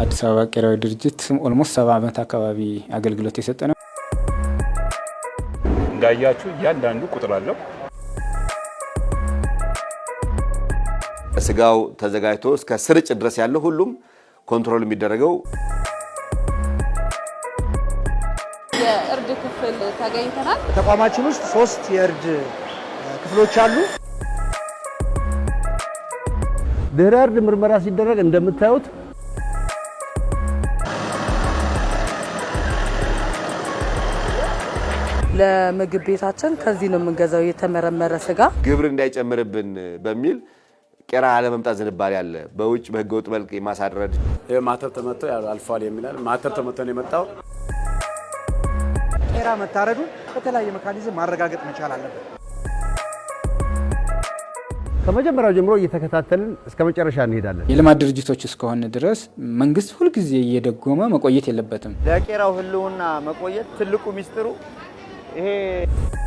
አዲስ አበባ ቄራዊ ድርጅት ስም ኦልሞስት ሰባ ዓመት አካባቢ አገልግሎት የሰጠ ነው። እንዳያችሁ እያንዳንዱ ቁጥር አለው። ስጋው ተዘጋጅቶ እስከ ስርጭ ድረስ ያለው ሁሉም ኮንትሮል የሚደረገው የእርድ ክፍል ተገኝተናል። ተቋማችን ውስጥ ሶስት የእርድ ክፍሎች አሉ። ድህረ እርድ ምርመራ ሲደረግ እንደምታዩት ለምግብ ቤታችን ከዚህ ነው የምንገዛው የተመረመረ ስጋ። ግብር እንዳይጨምርብን በሚል ቄራ አለመምጣት ዝንባሌ አለ። በውጭ በህገወጥ መልክ የማሳደረድ ማተብ ተመቶ አልፏል የሚላል ማተብ ተመቶ ነው የመጣው። ቄራ መታረዱ በተለያየ መካኒዝም ማረጋገጥ መቻል አለበት። ከመጀመሪያው ጀምሮ እየተከታተልን እስከ መጨረሻ እንሄዳለን። የልማት ድርጅቶች እስከሆነ ድረስ መንግስት ሁልጊዜ እየደጎመ መቆየት የለበትም። ለቄራው ህልውና መቆየት ትልቁ ሚስጥሩ 诶。